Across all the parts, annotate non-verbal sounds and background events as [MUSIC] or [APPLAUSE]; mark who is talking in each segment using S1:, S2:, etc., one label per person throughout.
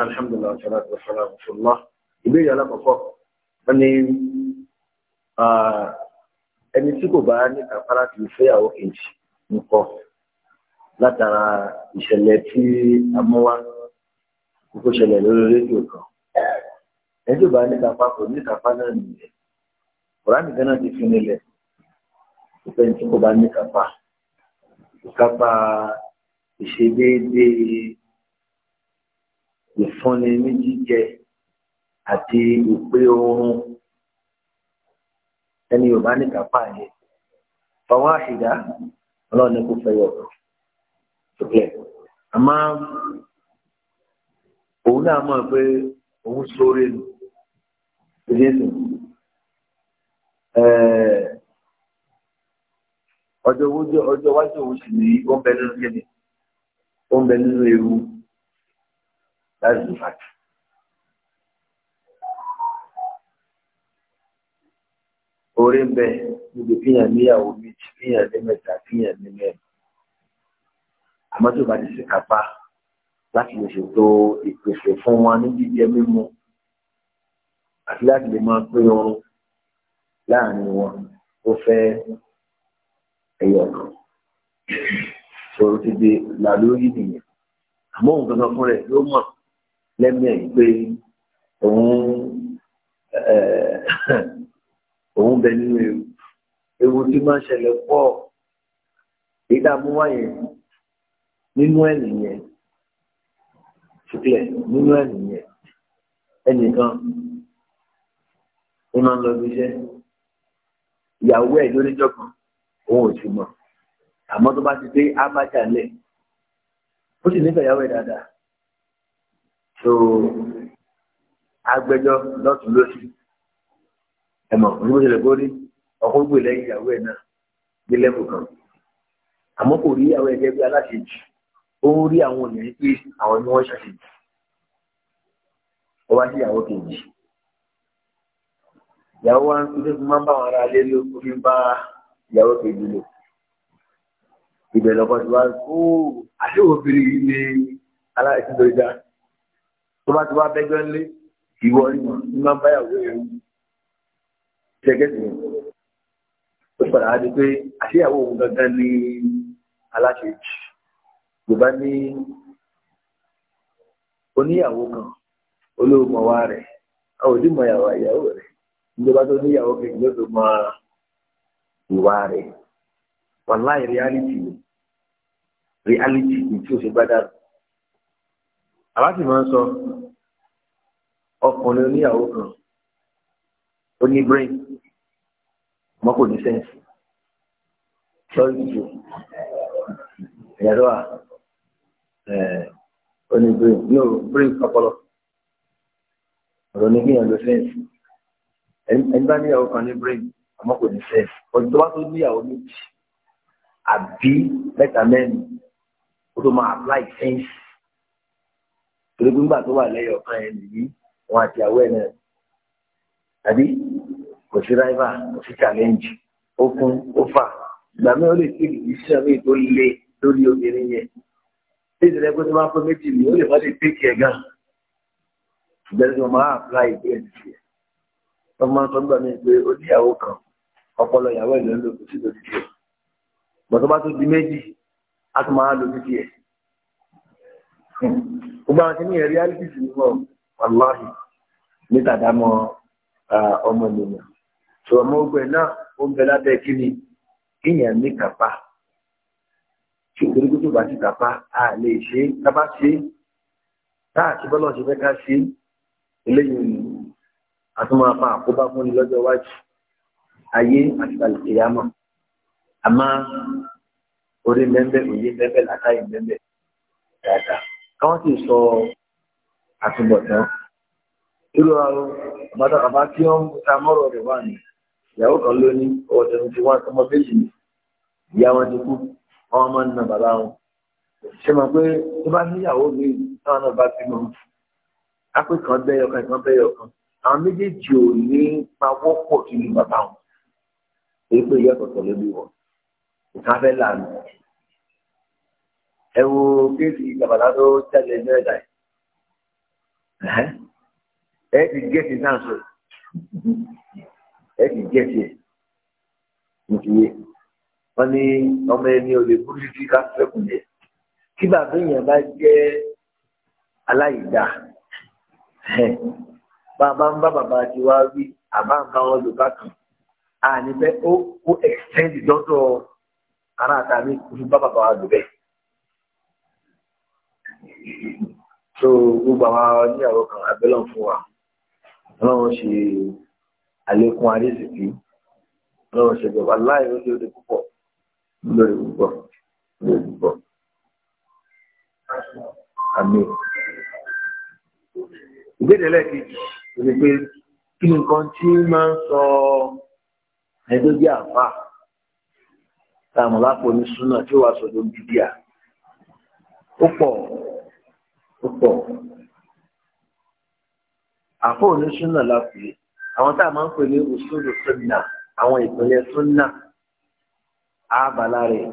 S1: alhamdulilah salatu wa salam rasulillah ìbéèrè alákọ̀ọ́kọ́ wọ́n ní ẹni tí kò bá ní kàfàrà kì í fẹ́yàwó kejì nǹkan látara ìṣẹ̀lẹ̀ tí a mú wá kókó ṣẹlẹ̀ lórí rédíò kan ẹni tó bá ní kàfà kò ní kàfà náà nìyẹn kùránì gánà ti fi nílẹ̀ ìfẹ́ tí kò bá ní kàfà ìkápá ìṣedéédéé ìfúnni ní jíjẹ àti ìpè oorun ẹni yorùbá ní kápá yẹn fọwọ́ àṣìdá ọlọ́run ní kò fẹ́ yọ ọ̀tọ̀ àmọ́ òun náà mọ̀ pé òun sóore nù ìdíyẹsùn ọjọ́ iwájú òun sì ní ó ń bẹ nínú kíni ó ń bẹ nínú ewu. That's the fact. Orí ń bẹ níbi kíyàn níyàwó méjì, kíyàn ní mẹ́ta, kíyàn ní mẹ́rin. Àmọ́ tó bá ti ṣe kápá láti lè ṣètò ìpèsè fún wọn ní jíjẹ mímu àti láti lè máa pín oorun láàrin wọn tó fẹ́ ẹyọ kan. Ṣòro ti di làlórí nìyẹn. Àmọ́ òun gangan fún rẹ̀ ló mọ̀ lẹ́mìí ẹ̀ pé òun òun bẹ nínú ewu ewu tí máa ń ṣẹlẹ̀ pọ̀ ìdààmú wáyé nínú ẹ̀ nìyẹn ṣùgbọ́n nínú ẹ̀ nìyẹn ẹnìkan ó máa ń lọ bí iṣẹ́ ìyàwó ẹ̀ lóníjọ́ kan òun ò sì mọ̀ àmọ́ tó bá ti dé abájà lẹ̀ ó sì nífẹ̀ẹ́ ìyàwó ẹ̀ dáadáa so agbẹjọ́ lọ́tún lósì ẹ̀mọ̀ onímọ̀sẹ̀lẹ̀ kó rí ọkọ̀ gbè lẹ́yìn ìyàwó ẹ̀ náà dé lẹ́kọ̀ọ́ kan àmọ́ kò rí ìyàwó ẹ̀ gẹ́gẹ́ bí aláṣejù ó ń rí àwọn ènìyàn pé àwọn ni wọ́n ṣàṣejù ó wá sí ìyàwó kejì ìyàwó wa ń fi máa ń bá wọn ara lé ló kó fi ń bá ìyàwó kejì lò ìbẹ̀rẹ̀ ọkọ̀ tí wàá kó àṣewò fèrè ní aláṣejù lójà tó bá ti wá bẹ́jọ́ ńlé ìwọ rí wọn ní máa ń báyàwó ẹ̀rú ṣẹ́gẹ́sì yẹn ó padà á di pé àṣeyàwó òun gangan ní aláṣẹ jù yorùbá ní oníyàwó kan olóòmọ wa rẹ̀ àwọn òdìmọ ìyàwó ìyàwó rẹ̀ ìjọba tó níyàwó kejì ló fi mọ ìwà rẹ̀ wàláì reality reality ní tí o ṣe bá dàrú àwa sì máa ń sọ ọkùnrin oníyàwó kan ó ní brain mọ́ kò ní sense. lọ́ọ̀lù jù ẹ̀rọ à ó ní brain ní òru brain ọpọlọ ọ̀rọ̀ ní kíyàn ló sẹ́ǹsì ẹni bá níyàwó kan ní brain àmọ́ kò ní sẹ́ǹsì ọdún tó bá tó níyàwó méjì àbí mẹ́ta mẹ́rin ó tó máa apply sẹ́ǹsì torí pé nígbà tó wà lẹ́yìn ọ̀kan ẹ̀ nìyí wọn àti àwọ̀ ẹ̀ náà tàbí kò sí ráìvà kò sí challenge ó fún ó fà ìgbà mi ò lè ṣe ìdí sí ọmọ ètò ilé lórí obìnrin yẹn bí ìdílé pé tó máa fún méjì ni ó lè má lè take care gan ìgbẹ́ni tí wọ́n máa apply ìgbé ẹ̀ sí ẹ̀ wọ́n máa ń sọ nígbà mi pé ó ní ìyàwó kan ọpọlọ ìyàwó ẹ̀ ló ń sí lórí tiẹ̀ bọ̀tọ́ bá tó di méjì á tún máa lò ní tiẹ̀ gbogbo àwọn kìíní yẹn reality sì mọ̀ wàláhì ní tàdámọ́ ọmọ ènìyàn tó ọmọ ogun ẹ̀ náà ó ń bẹ lábẹ́ kìíní kéèyàn ní kápá tí òkèrèkú tó bá ti kápá a lè ṣe kápá ṣe tá a ti bọ́lọ̀ ṣe fẹ́ ká ṣe eléyìí àtúmọ̀ apá àkóbá fún ni lọ́jọ́ iwájú ayé àti àlùkìyàmọ̀ àmọ́ orí mẹ́mbẹ́ òye mẹ́mbẹ́ làkàyè mẹ́mbẹ́ dáadáa káwọn sì sọ àtúbọ̀tán irú àbátàkàbá tí wọ́n ń ta mọ́rọ̀ rẹ̀ wà ní ìyàwó kan ló ní ọwọ́ tẹ̀síntì wọn ọmọ méjì ní ìyá wọn ti kú wọn máa ń na bàbá wọn ṣe mọ̀ pé tó bá níyàwó mi táwọn náà bá bímọ ápè kan bẹ́yọ̀ kan kan bẹ́yọ̀ kan àwọn méjèèjì ò ní máa wọ́pọ̀ sínú bàbá wọn èyí pé ìyá ọ̀tọ̀ ló wọn ìka fẹ́ ẹ wo kéèsì ìjàmbá tó tẹ̀lé mẹ́ta yìí ẹ ti gẹ̀ẹ́sì náà sọ ẹ ti gẹ̀ẹ́sì ẹ̀ nìkìyẹ wọn ní ọmọ ẹni ò lè burú sí ká fẹ́kùn jẹ kí bàbá èèyàn bá jẹ́ aláìdá bàbá ń bá bàbá ti wá rí àbá ń bá wọn lò bá kàn á ní bẹ́ẹ̀ ó ó extend dọ́dọ̀ ara àtàmì kò fún bá bàbá wa lò bẹ́ẹ̀ so gbogbo àwọn oníyàwó kan abẹ́lọ̀ fún wa ọlọ́run ṣe àlékún àríṣìkí ọlọ́run ṣe gbọ̀gbà láì ó lórí púpọ̀ lórí púpọ̀ lórí púpọ̀ àmín ìgbéde lẹ́ẹ̀kejì ni pé kí nǹkan tí máa ń sọ ẹni tó jẹ́ àfà táwọn lápò ní súnà tí ó wàá sọ lórí bíbíà ó pọ̀ púpọ̀ àfọ oníṣúná la pè àwọn tá a máa ń pè ní usulu sunna àwọn ìpínlẹ̀ sunna àbàlá rẹ̀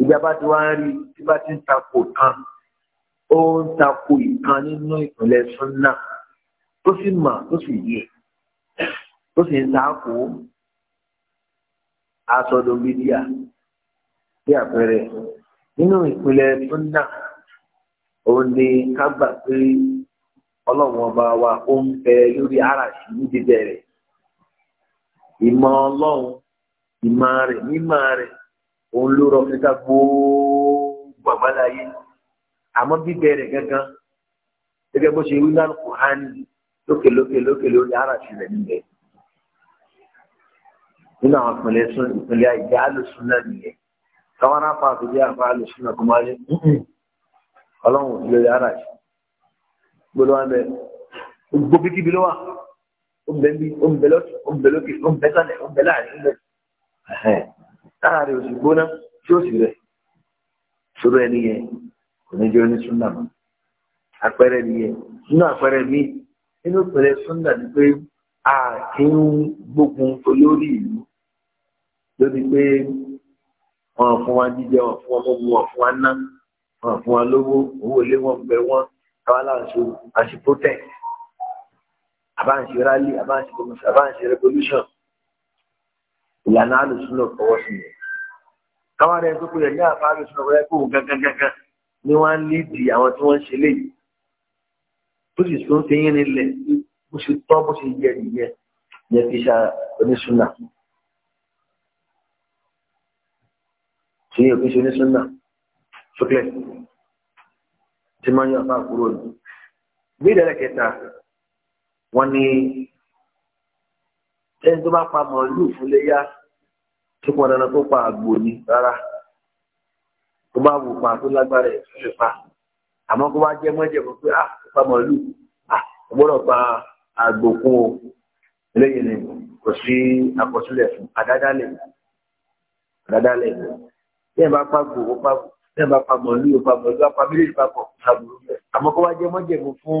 S1: ìjọba tí wọ́n á rí tí bá ti ń takò kan ó ń takò ìkan nínú ìpínlẹ̀ sunna tó sì mà tó sì yẹ tó sì ń takò asọdọ̀ bídíà bí àpẹẹrẹ nínú ìpínlẹ̀ sunna. òun kagba ká gbà pé ọlọ́run ọba wa ó ń bẹ lórí àràṣì ní bíbẹ̀rẹ̀ ìmọ̀ ọlọ́run ìmọ̀ rẹ̀ mímọ̀ rẹ̀ òun ló rọ fíta gbogbo àgbáláyé àmọ́ bíbẹ̀rẹ̀ gangan gẹ́gẹ́ bó ṣe wí lánàá kùhání lókèlókè lókè lórí àràṣì rẹ̀ níbẹ̀ nínú àwọn ìpínlẹ̀ ìpínlẹ̀ ìyá àlùsùn náà nìyẹn káwọn náà máa ọlọ́run òsì lórí ara ṣe gbọ́dọ̀ wà bẹ́ẹ̀ gbogbo kíkíbi ló wà ó ń bẹ bí ó ń bẹ lọ́tù ó ń bẹ lókè ó ń bẹ sálẹ̀ ó ń bẹ láàrin ó ń bẹ tára rẹ̀ òsì gbóná tí ó sì rẹ̀ sọ̀rọ̀ ẹni yẹn kò ní jẹ́ oníṣúná mọ́ àpẹẹrẹ nìyẹn nínú àpẹẹrẹ míì nínú ìpínlẹ̀ súnà ni pé a kì í gbógun olórí ìlú lórí pé wọn fún wa jíjẹ wọn fún wa mọ́mú wọn fún wa ná wọn fún wa lówó owó ilé wọn gbẹ wọn káwá láǹṣó àṣì protest àbáǹṣe rally àbáǹṣe commission àbáǹṣe revolution ìlànà àlùsùnà fọwọ́ sí i káwá rẹ tó pé ẹ̀yà àfa àlùsùnà wọlé kó gángan gángan ni wọ́n ń lídìí àwọn tí wọ́n ń ṣe léyìí tó sì tún ti yín nílẹ̀ bó ṣe tọ́ bó ṣe yẹ nìyẹn yẹ fi ṣá oníṣúná ṣe yẹ fi ṣe oníṣúná. Sukle, tí máa ń yọ àbá àkúrò ní. bí ìdẹ́rẹ́ kẹta wọ́n ní ẹni tó bá pa màálù fún léyà tó pọn dandan tó pa àgbò ní rárá tó bá wù pa tó lágbára ẹ̀ tó lè pa àmọ́ kó wá jẹ́ mọ́jẹ̀mọ́ pé à ah, pa màálù à ah, gbọ́dọ̀ pa àgbò kún o eléyìí ni kò sí àkọsílẹ̀ fún àdádálẹ̀ àdádálẹ̀ bí ẹ bá pàgbò ó pàgbò bẹ́ẹ̀ bá pa mọ̀lú pa mọ̀lú apá méjèèjì papọ̀ ṣàbùrù bẹ́ẹ̀ àmọ́ kó wá jẹ́ mọ́jẹ̀mú fún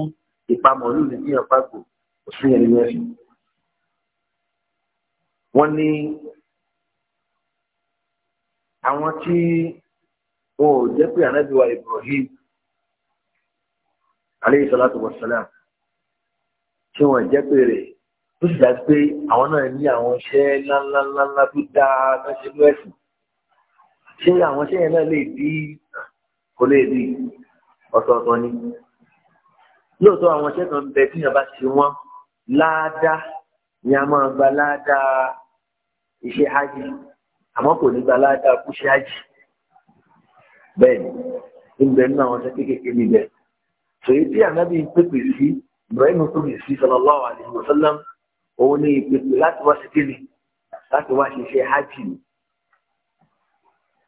S1: ìpa mọ̀lú ní ìyàn pàgò kò sí ẹni mẹ́rin. wọ́n ní àwọn tí wọn ò jẹ́ pé ànábì wa Ibrahim aleyhi salatu wa salam tí wọn jẹ́ pé rẹ̀ ó sì dájú pé àwọn náà ní àwọn iṣẹ́ ńláńláńlá tó dáa tó ṣe ṣé àwọn ṣé yẹn náà lè bí kò lè bí ọ̀tọ̀ọ̀tọ̀ ni lóòótọ́ àwọn ṣé kan bẹ tíyàn bá ṣe wọ́n láadáa ni a máa gba láadáa iṣẹ́ hajj àmọ́ kò ní gba láadáa kú ṣe hajj bẹ́ẹ̀ ni ń bẹ nínú àwọn ṣe kéékèèké níbẹ̀ sèyí tí ànábì ń pèpè sí Ibrahim tó sí sallallahu alaihi wasallam òun ni ìpèpè láti wá ṣe kéde láti wá ṣe iṣẹ́ ni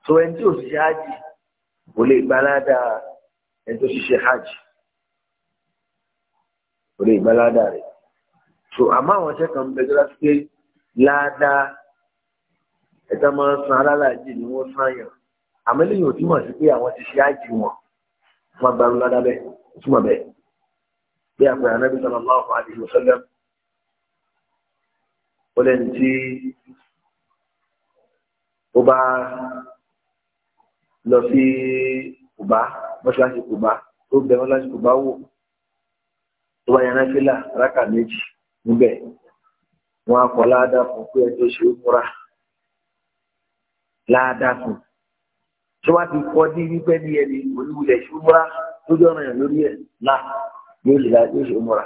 S1: so ẹni tí ò ṣiṣẹ́ hajj kò lè gbalada ẹni tó ṣiṣẹ́ hajj kò lè gbalada rẹ̀ so àmọ́ àwọn iṣẹ́ kan bẹ gbọ́dọ̀ pé ládàá ẹ̀ta máa ń san alálàájì ni wọ́n san yàn àmọ́ lẹ́yìn ò túmọ̀ sí pé àwọn ti ṣe hajj wọn wọn gbarú ládàá bẹ́ẹ̀ túmọ̀ bẹ́ẹ̀ bí àpẹẹrẹ anábì sallallahu alaihi wasallam ó lẹ́ni tí ó bá lọ sí kùbá mọ́ṣáláṣí kùbá tó bẹ mọ́ṣáláṣí kùbá wò tó bá yẹn náà fílà rákà méjì níbẹ̀ wọn á kọ́ ládàá fún pé ẹni tó ṣe é múra ládàá fún tí wọ́n ti kọ́ ní wípé ní ẹni oníwulẹ̀ ṣe é múra lójú ọ̀ràn yẹn lórí ẹ̀ náà yóò ṣe é múra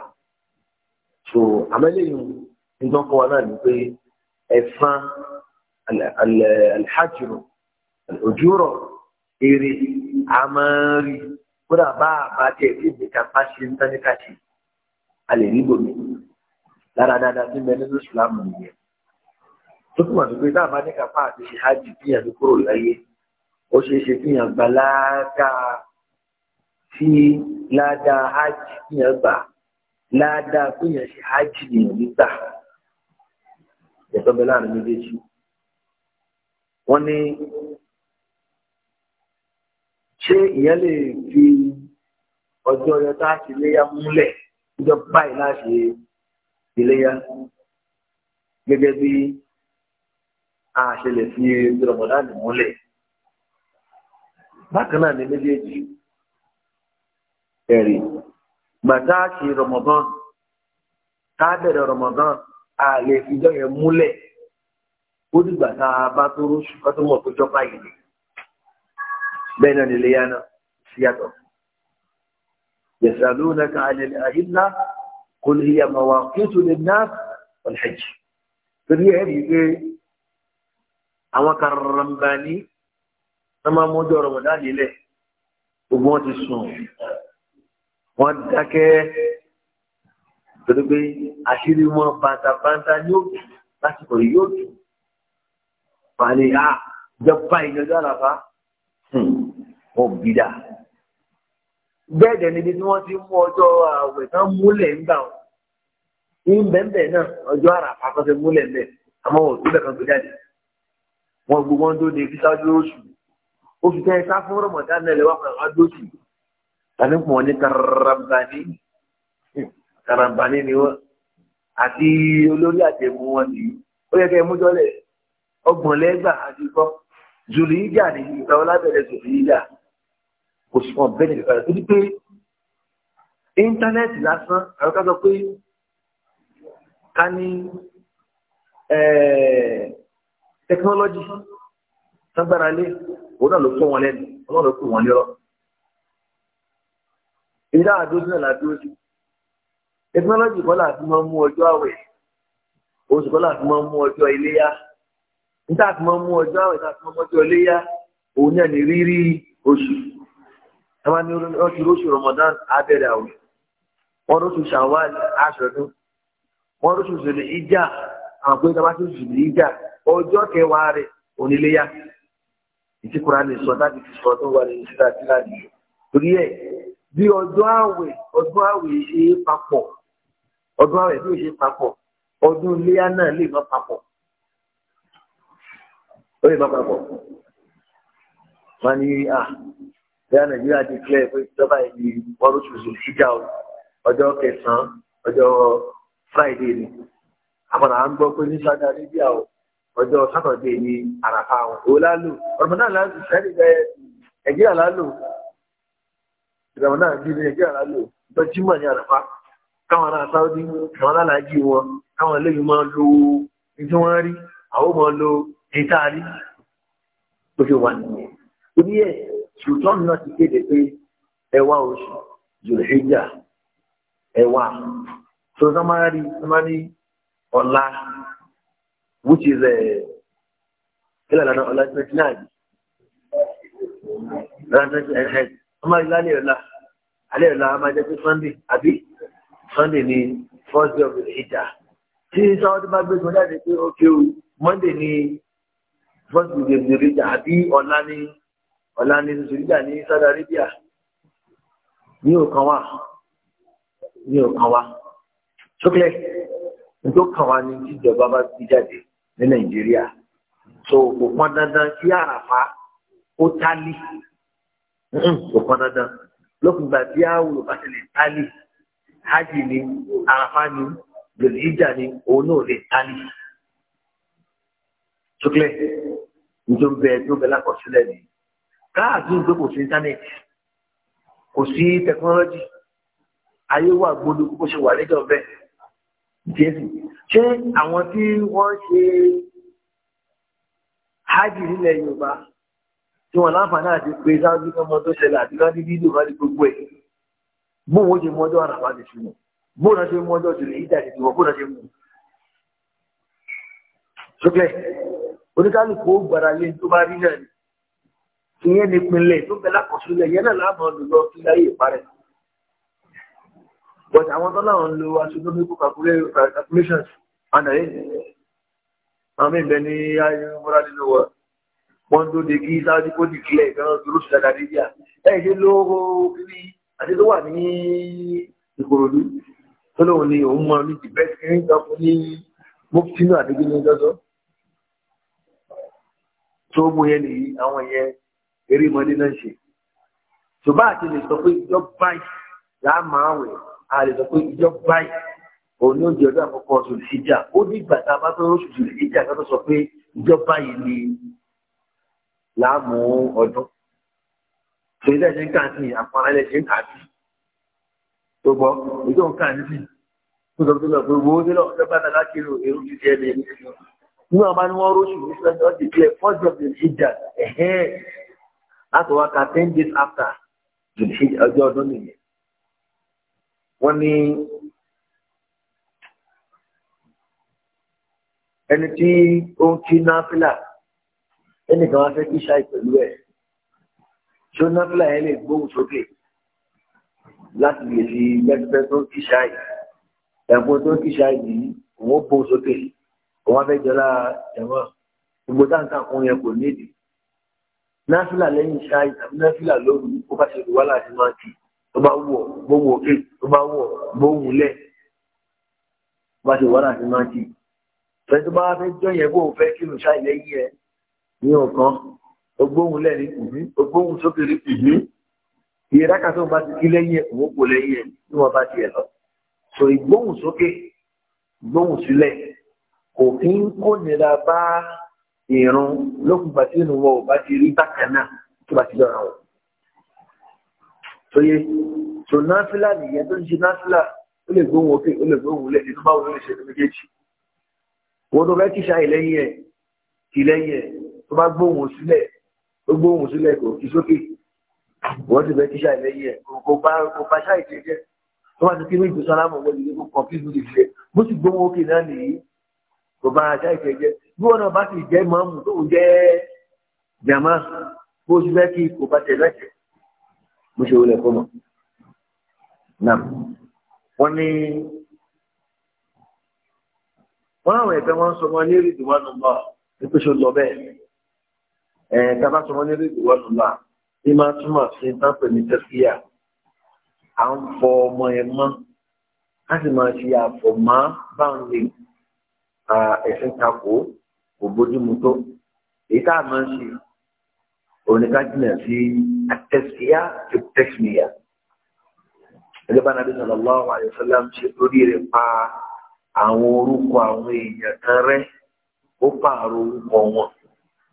S1: so àmẹ́lẹ́yìn nítorí fún wa náà ni pé ẹ̀sán alhajiru ojúrọ̀ èrè a máa ń rí kódà bá àbájẹ tí ìgbéka bá ṣe ń tán ní káṣí a lè rí gbòmí lára dáadáa tí ń bẹ nínú ìsìlámù nìyẹn tó túmọ̀ sí pé dáàbá ní kápá àti ṣe hajj tíyàn tó kúrò láyé ó ṣeé ṣe tíyàn gba ládàá tí ládàá hajj tíyàn gbà ládàá tíyàn ṣe hajj nìyàn nígbà ẹ̀tọ́ láàrin méjèèjì wọ́n ní ṣé ìyẹn lè fi ọjọ́ yẹn tá a ti léyà múlẹ̀ níjọ́ báyìí láti iléyà gẹ́gẹ́ bí a ṣe lè fi rọmọdánì múlẹ̀ bákan náà ni méjèèjì ẹ̀rí gbàtà ṣe rọmọdán tá a bẹ̀rẹ̀ rọmọdán a lè fi jọ yẹn múlẹ̀ ó dìgbà tá a bá tó rúṣù ká tó mọ̀ pé jọba bẹ́ẹ̀ náà nílé yánà sí yàtọ̀. yasalunaka anil ahilla qul hiya mawaqitu linnas wal hajj. torí ẹ̀ rí i pé àwọn karambani wọ́n máa mójú ọ̀rọ̀ mọ̀dá nílẹ̀ gbogbo wọn ti sùn wọ́n dákẹ́ torí pé àṣírí wọn bàtàbàtà yóò tù lásìkò yóò tù. wọ́n á ní ah, ìjọba ìjọba àlàfà. Hmm. wọn bí dá bẹ́ẹ̀ dẹ̀ níbi tí wọ́n ti mú ọjọ́ àwẹ̀ tán múlẹ̀ ń gbà wọn ìbẹ̀ǹbẹ̀ náà ọjọ́ ara àpapọ̀ṣẹ́ múlẹ̀ ń bẹ̀ àmọ́ wọn ò kan tó jáde wọn gbogbo wọn tó de kí sáájú oṣù oṣù tẹ́ ẹ sá fún rọ̀mọ̀tá náà lẹ́wọ́ kan wá dóṣù tàbí kùn wọn ní karambani hmm. karambani ni wọn àti olórí àtẹ̀mú wọn nìyí ó yẹ kẹ́ ẹ mújọ́lẹ̀ ọgbọ̀n lẹ́gbàá àti kọ́ zòlìyíjà ni ìgbà wọn lábẹ́rẹ́ zòlìyíjà kò sí wọn bẹ́ẹ̀ ní ìgbà tó ní pé íńtánẹ́ẹ̀tì lásán àwọn ká sọ pé ká ní tẹkinọ́lọ́jì ságbára lé òun náà ló fún wọn lẹ́nu òun náà ló fún wọn lérò ìdá àdójú náà làdúró sí tẹkinọ́lọ́jì kọ́ làfi máa mú ọjọ́ àwẹ̀ oṣù kọ́ làfi máa mú ọjọ́ iléyá. níta tí a mú na àwẹ̀ níta tí wọ́n mọ́jọ́ riri òun náà ní rírí oṣù ẹ̀wọ̀n ní oṣù oṣù Ramadan abẹ́rẹ́ àwẹ̀ wọ́n lóṣù Shawwal aṣọ́dún wọ́n lóṣù zèlè ìjà àwọn pé kẹwàá rẹ̀ oníléyà ìtí Kùránì ó lè má papọ̀ wọn ní à bí nàìjíríà ti kílẹ̀ pé ìjọba ìlú wọn ló ṣoṣo ṣíjà ọjọ́ kẹsàn-án ọjọ́ friday ni àmọ́ à ń gbọ́ pé ní saudi arabia o ọjọ́ saturday ni àràfà wọn èwo lálò ọ̀rọ̀mọ̀ náà láti sẹ́ni bẹ́ẹ̀ nàìjíríà lálò ìrọ̀mọ̀ náà bí nàìjíríà lálò ìjọ jímọ̀ ní àràfà káwọn ará saudi káwọn aláàjì wọn káwọn eléyìí máa lo ní tí wọ́n rí àwọn máa lo ìta rí ó ṣe wà nìyẹn orí ẹ sultan náà ti kéde pé ẹwà oṣù zulhijja ẹwà so samari samari ọlá which is kílẹ̀ lọ́nà ọlá twenty nine lọ́nà twenty nine samari lálẹ́ ọlá alẹ́ ọlá a máa jẹ́ pé sunday àbí sunday ni first day of the hijja tí sáwọn tó bá gbé tó jáde pé ó kéwù monday ni fọ́ọ̀sì ìdèrèjà àbí ọ̀la ní ọ̀la ní ìdèrèjà ní Saudi Arabia ní òkan wà ní òkan wà ṣókè tó kàn wá ní tíjọba bá ti jáde ní Nàìjíríà so kò pọn dandan kí àràfà ó tálí kò pọn dandan lókùngbà tí àwòrán bá ti lè tálí hajj ni àràfà ni gbèlè ni òun náà lè tálí ṣókè nítorí bẹ́ẹ̀ tó bẹ lákọsílẹ̀ ni káàkiri pé kò sí íńtánẹ́ẹ̀tì kò sí tẹkinọ́lọ́jì ayé wà gbódò kó ṣe wà níjọ bẹ́ẹ̀ jésù ṣé àwọn tí wọ́n ṣe hajj nílẹ̀ yorùbá tí wọ́n láǹfààní àti pé sáájú kan mọ tó ṣẹlẹ̀ àti kan ní fídíò kan ní gbogbo ẹ̀ bóun ó ṣe mú ọjọ́ àràbà ti sùn bóun náà ṣe mú ọjọ́ ìjà ti sùn bóun náà ṣe mú un oníkálukú ó gbára lé tó bá rí náà ni ìyẹn ní pinlẹ̀ tó bẹ lákọsílẹ̀ yẹn náà láàmú ọdún lọ sí láyé ìparẹ́ but àwọn tó náà ń lo astronomical calculations àná yìí àwọn mí bẹ ní ayé mọ́ra nínú wa wọ́n tó de kí sáájú kó di kílẹ̀ gan dúró sí dada níjà ẹ̀ ṣe ló kiri àti tó wà ní Ìkòròdú tó lóun ni òun mọ ní the best kiri ń sọ fún ní mọ́kítínú àdégbé ní ọjọ́ tó mú yẹn nìyí àwọn yẹn eré mọ́dé náà ṣe ṣùgbọ́n àti lè sọ pé ìjọ báyìí láà máa wẹ̀ a lè sọ pé ìjọ báyìí òun ní oúnjẹ ọdún àkọ́kọ́ oṣù ìṣíjà ó ní ìgbà tá a bá tó oṣù ìṣíjà ká tó sọ pé ìjọ báyìí ni láàmú ọdún torí lẹ́sẹ̀ ń kàn sí àpárá lẹ́sẹ̀ ń kàn sí tó gbọ́ ìjọ ń kàn sí tó sọ pé wo ó dé lọ́ọ́ ọjọ́ bá nínú àwọn ni wọ́n róṣù ní sọ́jọ́ ọdí ilẹ̀ first of the hijab ẹ̀hẹ́n láti wá ka ten days after ọjọ́ ọdún nìyẹn wọ́n ní ẹni tí ó ń kí náfìlà ẹnìkan wá fẹ́ kí ṣáì pẹ̀lú ẹ̀ ṣó náfìlà yẹn lè gbóhùn sókè láti lè fi gbẹ́gbẹ́ tó ń kí ṣáì ẹ̀fọn tó ń kí ṣáì yìí òun ó gbóhùn sókè yìí wọn fẹ́ jọlá ẹ̀wọ̀n gbogbo táǹkà kún yẹn kò nídìí náfìlà lẹ́yìn ṣáì tàbí náfìlà lóru ó bá ṣe wàhálà àti máa kì tó bá wọ̀ bó wọ̀ ké tó bá wọ̀ bó wù lẹ̀ ó bá ṣe wàhálà àti máa kì fẹ́ tó bá fẹ́ jọ yẹn bó fẹ́ kí lù ṣáì lẹ́yìn ẹ̀ ní ọ̀kan ogbóhùn lẹ̀ ní kùbí ogbóhùn sókè ní kùbí iye dáka tó bá ti kí lẹ́yìn ẹ̀ kò wọ́pọ̀ lẹ́yìn ẹ̀ ní wọ́n bá ti ẹ̀ lọ so ìgbóhùn sókè ìgbóhùn sílẹ̀ kò fi ń kó nira bá ìrun lókùngbà tí ìrun wọn ò bá ti rí bákan náà tó bá ti dọ̀ra wọn. Tóyé tó náfìlà nìyẹn tó ń ṣe náfìlà ó lè gbóhùn òkè ó lè gbóhùn lẹ́yìn tó bá wọn lè ṣe ní méjèèjì. Wọ́n tó fẹ́ kíṣà ìlẹ́yìn ẹ̀ ìlẹ́yìn ẹ̀ tó bá gbóhùn sílẹ̀ ó gbóhùn sílẹ̀ kò kí sókè. Wọ́n ti fẹ́ kíṣà ìlẹ́yìn ẹ̀ kò bá kò bá ṣáà ìṣe Tó bá ti kí méjì sálámù kò bá aṣá ìfẹ́ jẹ́ bí wọn náà bá sì jẹ́ mọ́mù tó ń jẹ́ jàmá bó ṣe fẹ́ kí kò bá tẹ̀lé ẹ̀jẹ̀ mo ṣe wọlé fún mọ́. Nam wọ́n ní wọ́n àwọn ẹ̀fẹ́ wọn sọ wọn ní èrè ìdìwọ́n nù lọ pípé ṣe lọ bẹ́ẹ̀ ẹ̀ tábà sọ wọn ní èrè ìdìwọ́n nù lọ ní máa túmọ̀ sí táǹpẹ̀ ní tẹ́síyà à ń fọ ọmọ ẹ̀ mọ́ láti máa ṣe àfọ̀mọ́ báwọn lè ẹ̀sìn takò kò bójúmu tó èyí tá a máa ń ṣe oníkájìnà sí àtẹ̀síyá tó tẹ̀síyá gẹ́gẹ́ bá nàbí sallallahu alaihi wasallam ṣe lórí rẹ̀ pa àwọn orúkọ àwọn èèyàn kan rẹ́ ó pààrọ̀ orúkọ wọn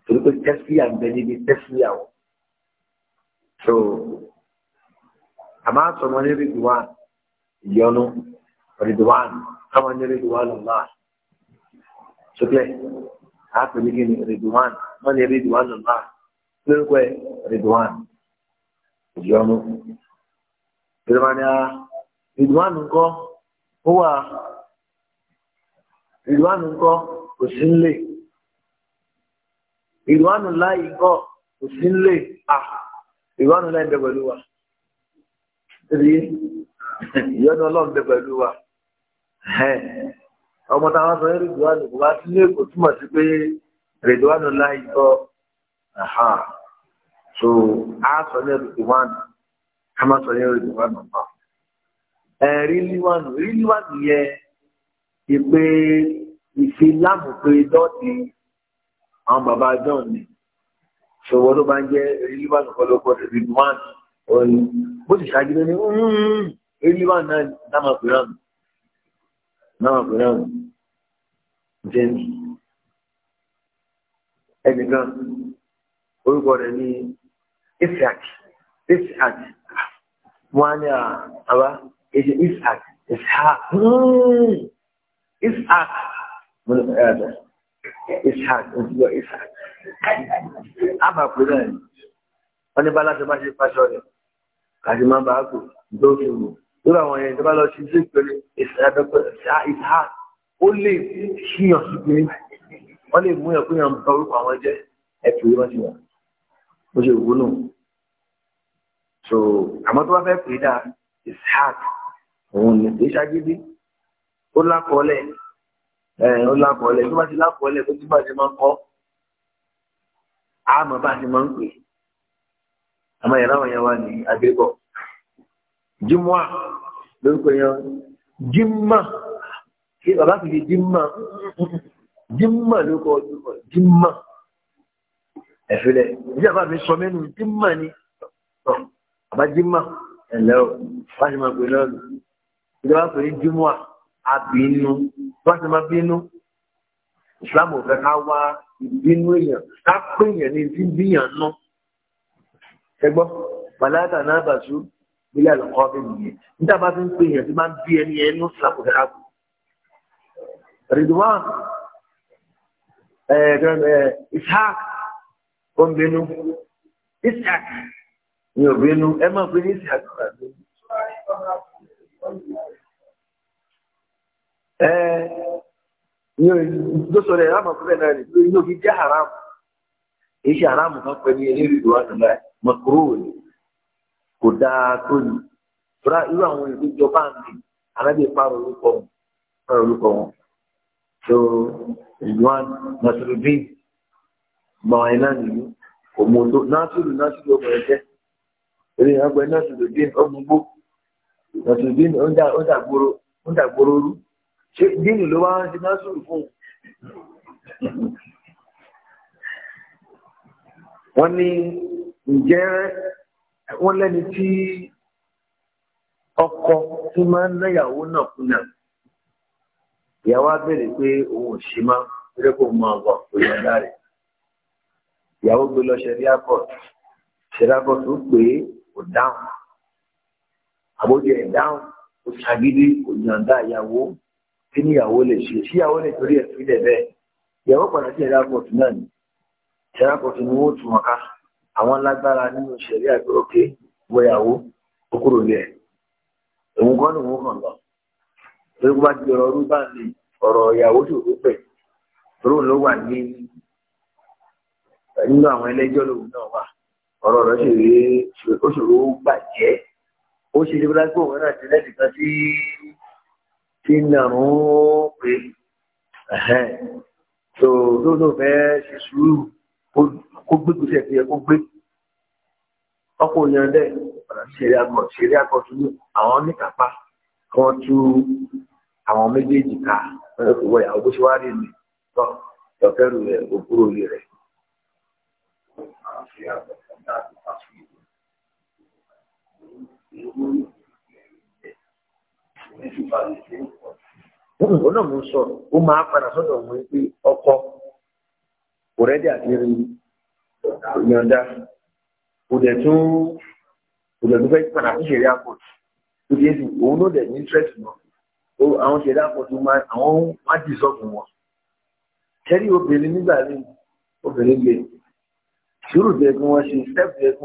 S1: torí pé tẹ́síyà ń bẹ níbi tẹ́síyà wọn. so àmọ́ àtọ̀mọ́ ní rìdùwán ìyọnu rìdùwán káwọn ní rìdùwán lọ́la sókè àpèlè kí ni Ridwan wọn Ridwan lọ́la lórúkọ ẹ Ridwan ìyọnu Ridwan Ridwan nǹkan ó Ridwan nǹkan kò sí Ridwan láì nǹkan kò sí nílé à Ridwan láì bẹ pẹ̀lú wa [LAUGHS] ìyọnu ọlọ́run bẹ pẹ̀lú wa ọmọ táwọn sọ eré ìdúwánu kò bá sí ní èkó túmọ̀ sí pé rèdíwánu láì kọ́ so a sọ ní rèdíwánu a máa sọ ní rèdíwánu pa ríliwánu ríliwánu yẹ ìpè ìfilámù pé dọ́ọ̀tì àwọn bàbá john ni ṣòwò ló bá ń jẹ́ ríliwánu kọlọ́kọ́ rèdíwánu òní bó ti ṣáájú lé ní ríliwánu náà ní dámà pèrè àmì náà pè náà jẹ́ni ẹnìkan orúkọ rẹ̀ ní Isaac Isaac wọn á ní àbá èsì Isaac Isaac hmm. Isaac mo ní ẹ̀ẹ́dẹ̀ Isaac ìdílọ Isaac àbá pè náà wọ́n ní bá láti bá ṣe pàṣọ rẹ̀ kàdí má bàá kù dókè wò lórí àwọn yẹn ìjọba lọ sí ilé ìpele ìsìnká ó lè ṣíyàn sí pé wọ́n lè mú ẹ̀kú yẹn bá orúkọ àwọn jẹ́ ẹ̀fì wọn sí wọn bó ṣe wù ú nù. so àmọ́ tó bá fẹ́ pè dáa ìsìnká òun ní kì í ṣàgídí ó lákọọ́lẹ̀ ó lákọọ́lẹ̀ tó bá ti lákọọ́lẹ̀ tó ti bá ti máa ń kọ́ àmọ́ bá ti máa ń pè àmọ́ ìyàrá wọn yẹn wà ní agbébọ̀ jimua lórúkọ yẹn jimma ṣé bàbá kìí jimma jimma lórúkọ jimma ẹ̀fílẹ̀ bí àbá mi sọ mẹ́nu jimma ni bàbá jimma ẹ̀lẹ́ o bá ti máa pè náà lò ìjọba pè ní jimua abínú bá ti máa bínú islam ò fẹ́ ká wá ìbínú èèyàn ká pè èèyàn ní ti bíyàn nú ẹgbọ́n bàlá àtàná àbàṣú ilé àlọ́kọ́ ọ̀bẹ nìyẹn níta bá fi ń pè yẹn tí máa ń bí ẹni ẹ ní sàkó dáàbò. Ridwan eh, eh, Ishaq ó ń bínú Ishaq ni ò bínú ẹ máa pè ní Ishaq ó ń bínú. Ẹ ní o ló sọ rẹ̀ láàmú ọ̀pẹ́ náà rẹ̀ ní o fi haram. Èyí ṣe haram kan pẹ̀lú ẹni Ridwan náà, makruh ni. kò dáa tó yìí rà irú àwọn èdè ìjọba mi alábẹ́ ìparọ̀ orúkọ ìparọ̀ orúkọ wọn so nìyí tó ọmọ ẹ̀jẹ̀ eré ẹgbẹ́ nàṣìrìdì ọmọgbó nàṣìrìdì ọ̀dàgbòrò ọ̀dàgbòrò rú ṣé díìnì ló wá ń ṣe fún un ǹjẹ́ wọ́n lẹ́ni tí ọkọ tí máa ń náyàwó náà kùnà ìyàwó á bèrè pé òun ò ṣe má rẹ́pọ̀ máa wà pẹ̀lú ọ̀dá rẹ̀ ìyàwó gbé lọ ṣẹ̀ríà court ṣẹ̀ríà court ó pè é kò dáhùn àbójú ẹ̀ dáhùn ó ṣàgídí kò yàǹda ìyàwó kí níyàwó lè ṣe síyàwó lè torí ẹ̀ fi lẹ̀ bẹ́ẹ̀ ìyàwó padà sí ṣẹ̀ríà náà ni ṣẹ̀ríà ni wọ́n tún wọn ká sùn àwọn lágbára nínú ìṣẹ̀lẹ̀ àgbẹ̀ òkè wẹ̀yàwó okúrò lẹ̀ òun kọ́ nìwọ̀n kàn lọ torí wọ́n ti ọ̀rọ̀ rúbà ní ọ̀rọ̀ ìyàwó ṣòro pẹ̀ torí òun ló wà ní nínú àwọn ẹlẹ́jọ́ lòun náà wà ọ̀rọ̀ rẹ̀ ṣòro ó ṣòro bàjẹ́ ó ṣe ṣe bíláṣí òun náà ti lẹ́sìn kan sí tí ń nàrún pé so tó tó fẹ́ ṣe sùúrù kó gbé gbèsè ẹ̀sìn yẹn kó gbé ọkọ̀ òyìnbó dẹ̀ ṣeré àgbọ̀ ṣeré àgbọ̀ tún ní àwọn oníkàpá kí wọ́n tú àwọn méjèèjì ká wọ ìyàwó bó ṣe wá rí mi tọ́ ìyọ̀kẹ́rù rẹ̀ òkúrò orí rẹ̀. òun náà mo sọ ó máa padà sọ́dọ̀ wọn pé ọkọ kò rẹ́dí àti rí ìyọ̀ǹda kò dẹ̀ tún kò dẹ̀ tún fẹ́ padà fún ṣẹ̀rí airport tó di èsì òun ló dẹ̀ ní interest náà àwọn ṣẹ̀rí airport máa àwọn máa dì sọ́ọ̀bù wọn ṣẹ́rí obìnrin nígbà míì obìnrin lè sùúrù tó yẹ kí wọ́n ṣe step tó yẹ kí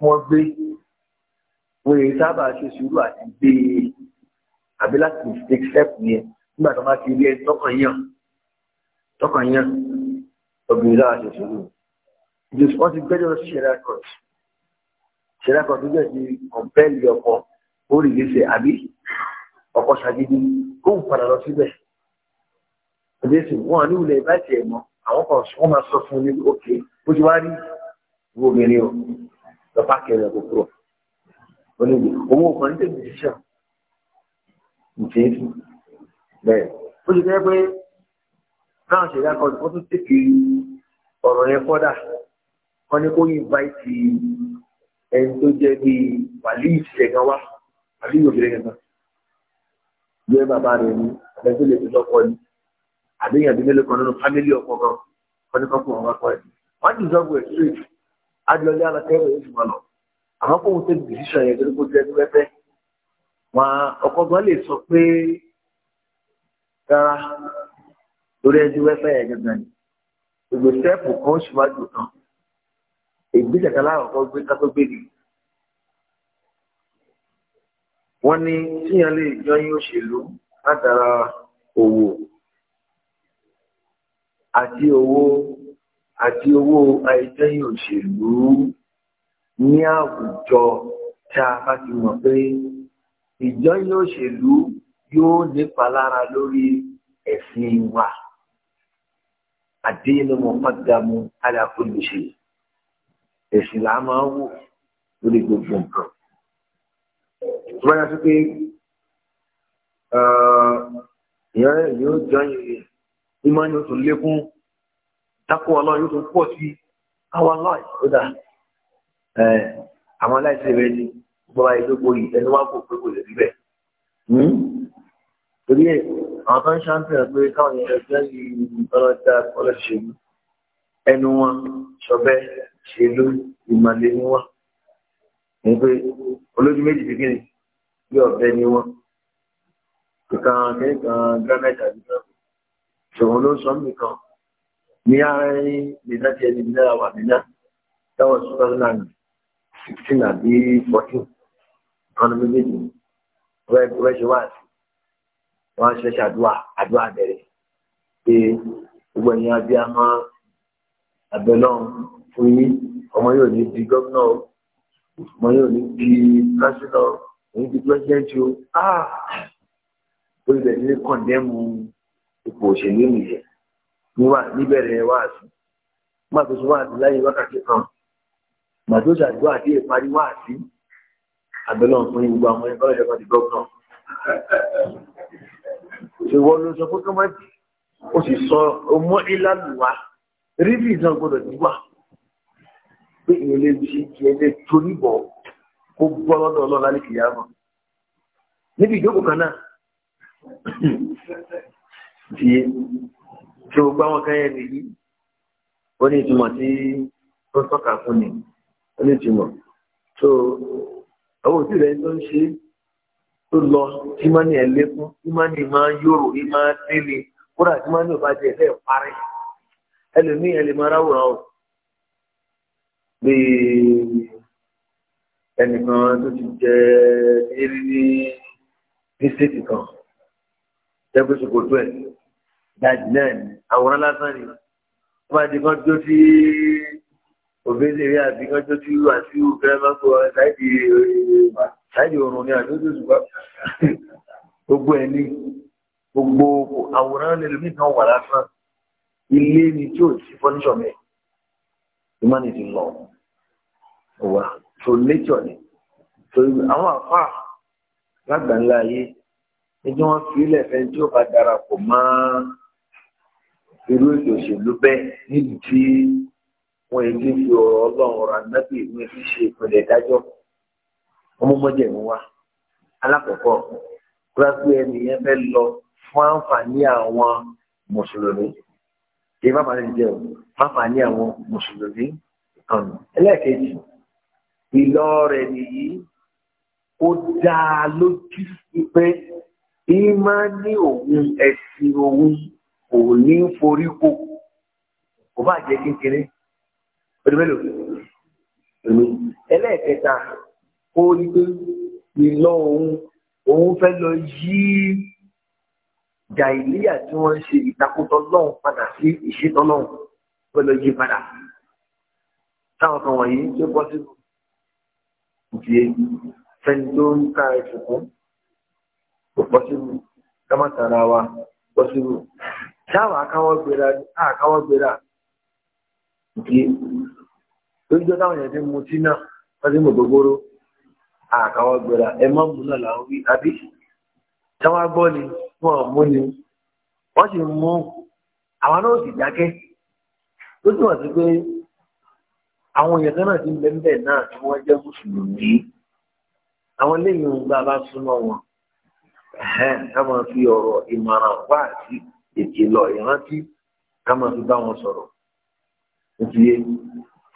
S1: wọ́n gbé wọ́n èyí sábà ṣe sùúrù àti gbé e. àbí láti mistake step yẹn nígbà tó bá ti rí ẹ tọkàn yàn tọkàn yàn obìnrin náà ṣe sùúrù wọ́n ti gbẹ́jọ́ sí ṣẹ́rákọ̀t ṣẹ́rákọ̀t tó jẹ́ ti kọ̀m̀pẹ́ẹ̀lì ọkọ̀ ó rí léṣe àbí ọkọ̀ ṣàgídí kó ń padà lọ síbẹ̀ ọdẹ́sì wọn ní ilẹ̀ ìbáṣẹ̀ ẹ̀ mọ́ àwọn kan wọ́n máa sọ fún ní òkè bó ti wá rí wo obìnrin o lọ páàkì rẹ̀ kò kúrò ó ní ìwé owó ọkùnrin tèmi ṣiṣẹ́ ǹjẹ́ bẹ́ẹ̀ ó ti fẹ́ pé náà ṣe ìyá kan wọ́n tún tètè ọ̀rọ̀ yẹn fọ́dà wọ́n ní kó invite ẹni tó jẹ́ bí wàlí ìṣẹ̀lẹ̀ gan wá wàlí ìròyìn gan gan jẹ́ bàbá rẹ̀ ni ẹni tó lè fi lọ́kọ́ ni àdéhùn àbí mélòó kan nínú fámílì ọkọ gan wọ́n ní kọ́ fún wọn wá kọ́ ẹ̀ wọ́n ti sọ́gun ẹ̀ straight adìyọlé alákẹ́rọ̀ yóò ṣùgbọ́n lọ àmọ́ kó wọn tẹ́lẹ̀ decision yẹn torí kó jẹ́ ní pẹ́pẹ́ wọn ọkọ̀ gan lè sọ pé rárá torí ẹjú wẹ́fẹ́ yẹn gangan ni gbogbo sẹ́ẹ̀pù kan ó ṣùwájú kan ìgbésẹ̀ kan láàkọ́kọ́ gbé ká tó gbé ni. wọ́n ní tíyan lè jọyìn òṣèlú látara òwò àti owó àti owó àìjọyìn òṣèlú ní àwùjọ tá a bá ti mọ̀ pé ìjọyìn òṣèlú yóò nípa lára lórí ẹ̀sìn wa àdéhìnú mọ̀kọ́dàmú alákòlùṣe ẹ̀sìn là máa ń wò lórí gbogbo nǹkan. tó bá yà sí pé uh, ìyẹn yóò jọ ìrìn ìmọ̀ ni ó tún lékún dákú ọlọ́run yóò tún pọ̀ sí káwọn láì ó àwọn aláìsí rẹ ni gbọ́dọ̀ ayélujára ẹni wá kó pé kò lè rí bẹ́ẹ̀. Hmm? torí ẹ̀ àwọn tó ń ṣáńtì ẹ̀ pé káwọn yẹn ẹgbẹ́ yìí ìtọ́lọ́jà ọlọ́ṣèlú ẹnu wọn ṣọbẹ́ ṣèlú ìmàlẹ́ ni wọn ní pé olójú méjì ti kíni bí ọ̀bẹ ni wọn ìkan kẹ́kàn granite àti granite ṣòwò ló ń sọ nìkan ní àárín ìdájẹ́ ẹni náírà wà nínú táwọn two thousand and sixteen àbí fourteen kan ní méjèèjì rẹ ṣe wáàsí wọ́n á ṣẹ̀ṣẹ̀ àdúrà àdúrà bẹ̀rẹ̀ pé gbogbo ẹ̀yin abiyamọ abẹ́lọ́run fún yín ọmọ yóò ní di gómìnà o ọmọ yóò ní di kásínà o èyí ti pẹ́sidẹ́ntì o áà ah! olùbẹ̀ ní kọ̀ndẹ́mù ipò òṣèlú nìyẹn níbẹ̀rẹ̀ wáàsí má tó ṣe wáàsí láyé wákàtí kan má tó ṣàdúrà dé ìparí wáàsí abẹ́lọ́run fún yín gbogbo àwọn ẹgbẹ́ ìjọba di gómìnà ìwọ ló sọ fún kọ́mọ́tì ó sì sọ ọmọ ìlànà rírì náà gbọdọ̀ níwà pé ìyẹn lè ṣe kí ẹ lè torí bọ̀ kó gbọ́ lọ́dọ̀ ọlọ́run ní kìyà mọ̀ níbi ìjókòó kan náà ti tí o gbá wọn kan yẹn nìyí ó ní ìtumọ̀ tí ó sọ́kà fún ni ó ní ìtumọ̀ so àwọn òtí rẹ̀ tó ń ṣe é tó lọ ìmánì ẹ̀ lékún ìmánì máa ń yòrò ìmánì délé kódà ìmánì ò bá jẹ ẹ̀ parí ẹlòmíì ẹ̀ lè máa ráwòrán o bíi ẹnìkan tó ti jẹ eré ní dísítì kan tẹ́gbẹ́sọ̀kòtò ẹ̀ dájú náà ni àwòrán lásán ni wọ́n bá di kan tó ti òbédèrè àbí kọjọ tí wà sí òkè mako ṣáìdì ṣáìdì eh, òrùn ni àbí oṣooṣù bá gbogbo ẹ ní gbogbo àwòrán lẹlẹmí kan wà lásán ilé ni tí ò sí fọníṣọ mẹ humanity lọ wà tó nature ni tó àwọn àfà lágbàńlá ayé ẹjọ wọn fi ilẹ̀ fẹ́ tí ó bá darapọ̀ mọ́ irú ètò òṣèlú bẹ́ẹ̀ níbi tí wọn èdè fi ọ̀rọ̀ Ọlọ́run ọ̀rọ̀ anábì ìwé fi ṣe ìpìlẹ̀ ìdájọ́ ọmọmọdé ń wá alákọ̀ọ́kọ́ kúrásì ẹnìyẹn fẹ́ lọ fún àǹfààní àwọn mùsùlùmí kí má bàa jẹ o àǹfààní àwọn mùsùlùmí ìkànnì ẹlẹ́ẹ̀kejì ìlọ rẹ̀ nìyí ó dá a lójú pé ìmọ̀ ní òun ẹ̀sìn òun kò ní forí kò bá jẹ́ kékeré olùmẹ́lò ẹlẹ́ẹ̀kẹta kó rí pé ìlọ òun òun fẹ́ lọ yí jàìlíyà tí wọ́n ń ṣe ìtakùtọ̀ lọ́hùn padà sí ìṣètò lọ́hùn fẹ́ lọ yí padà táwọn kan wọ̀nyí tó bọ́ sínú ìdíyẹ fẹ́ni tó ń ta ìṣùkún kò bọ́ sínú kámátara wa bọ́ sínú táwọn akáwọ́ gbéra àkáwọ́ gbéra ìdíyẹ lójújọ́ táwọn èèyàn ti mu tí náà wọ́n ti mọ̀ gbogbooro àkàwọ́ gbéra ẹ má mú náà làwọn wí àbí táwọn agbọ́ ni wọ́n mú ni wọ́n sì mú àwọn náà sì dákẹ́ tó túmọ̀ sí pé àwọn èèyàn kan náà ti ń bẹ níbẹ̀ náà tí wọ́n jẹ́ mùsùlùmí àwọn eléyìí ń gbà bá súnmọ́ wọn ká máa fi ọ̀rọ̀ ìmọ̀ràn wá sí ìkìlọ̀ ìrántí ká máa fi bá wọn sọ̀rọ̀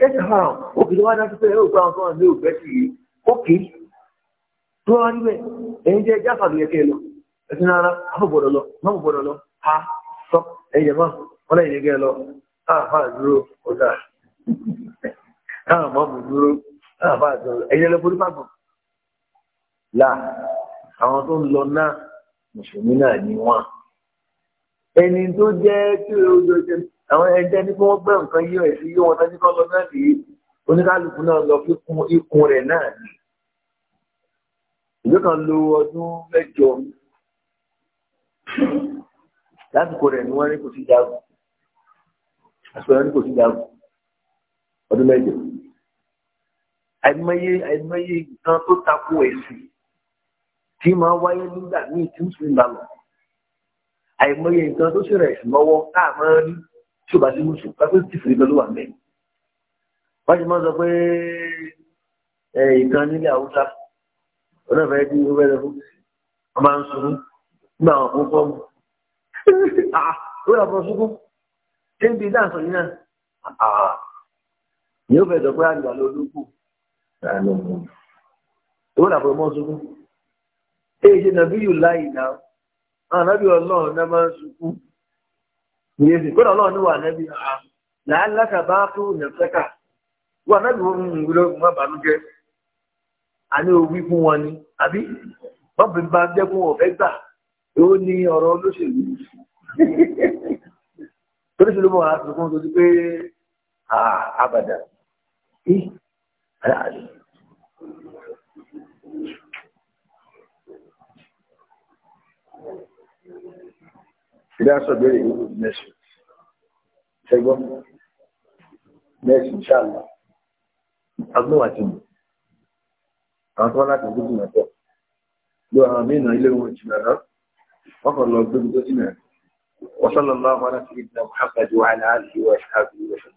S1: That's oh, ah, how. Okay, the one that's saying, oh, brown, brown, no, Betty. Okay. Tó wá níbẹ̀, ẹ̀yin jẹ́ jáfà ló yẹ kí ẹ lọ. Ẹ̀sìn ara, àwọn gbọ́dọ̀ lọ, máa gbọ́dọ̀ lọ. Ha sọ, ẹ̀yin jẹ̀ máa, wọ́n lẹ́yìn yẹ kí ẹ lọ. Àfà dúró, ọ̀dà. Àwọn máa mú dúró, àfà dúró. Ẹ̀yin lọ borí pàgbọ̀n. Là, àwọn tó ń lọ náà, Mùsùlùmí náà ni wọ́n ẹni tó jẹ́ tí ó jọ ṣe àwọn ẹjẹ́ ní kí wọ́n gbẹ́ nǹkan yíyọ ẹ̀sìn yíyọ wọn tẹ́jú kan lọ náà lè oníkálukú náà lọ fi kún ikùn rẹ̀ náà ni. ìlú kan lo ọdún mẹ́jọ lásìkò rẹ̀ ni wọ́n rí kò sí jagun àsìkò rẹ̀ ni kò sí jagun ọdún mẹ́jọ. àìmọye àìmọye nǹkan tó takò ẹ̀sìn tí máa wáyé nígbà míì tí ń sùn ìgbà àìmọye nǹkan tó ṣe rẹ̀ lọ́wọ́ náà máa ń rí tí ó bá sí mùsùlùmí pé tí fìrí lọ ló wà mẹ́rin. wọ́n ti máa ń sọ pé ìkan nílẹ̀ haúsá onáfẹ́ tí ó bẹ̀rẹ̀ fún ọmọ à ń sunkún nígbà àwọn fún fọ́ọ̀mù. [LAUGHS] Ah, ó yà fọ́ sunkún ṣé ń bi dáǹsọ̀ yìí náà ah, ni ó fẹ́ sọ pé àgbà ló lókù ah, ó yà fọ́ mọ́ sunkún. ṣe nàbí yù láì náà. ànábì ọlọ́run náà máa ń sunkún ìyẹn sì kódà ọlọ́run níwà anabi àá làálàkà bá fún nàfẹ́kà wọn bànújẹ́ àní fún wọn ni àbí wọn fi bá jẹ́ fún ọ̀fẹ́ gbà ó ní ọ̀rọ̀ olóṣèlú torí ṣe ló tó ti ìdáṣọ̀ bẹ̀rẹ̀ ìlú mẹ́sù ṣẹgbọ́n mẹ́sù ṣáàlá agbóhà ti mú àwọn tó wá láti gbógun náà pọ̀ ló àwọn mí náà ilé wọn jìnnà náà wọ́n kàn lọ gbógun tó sì náà وصلى الله على سيدنا محمد وعلى اله وصحبه وسلم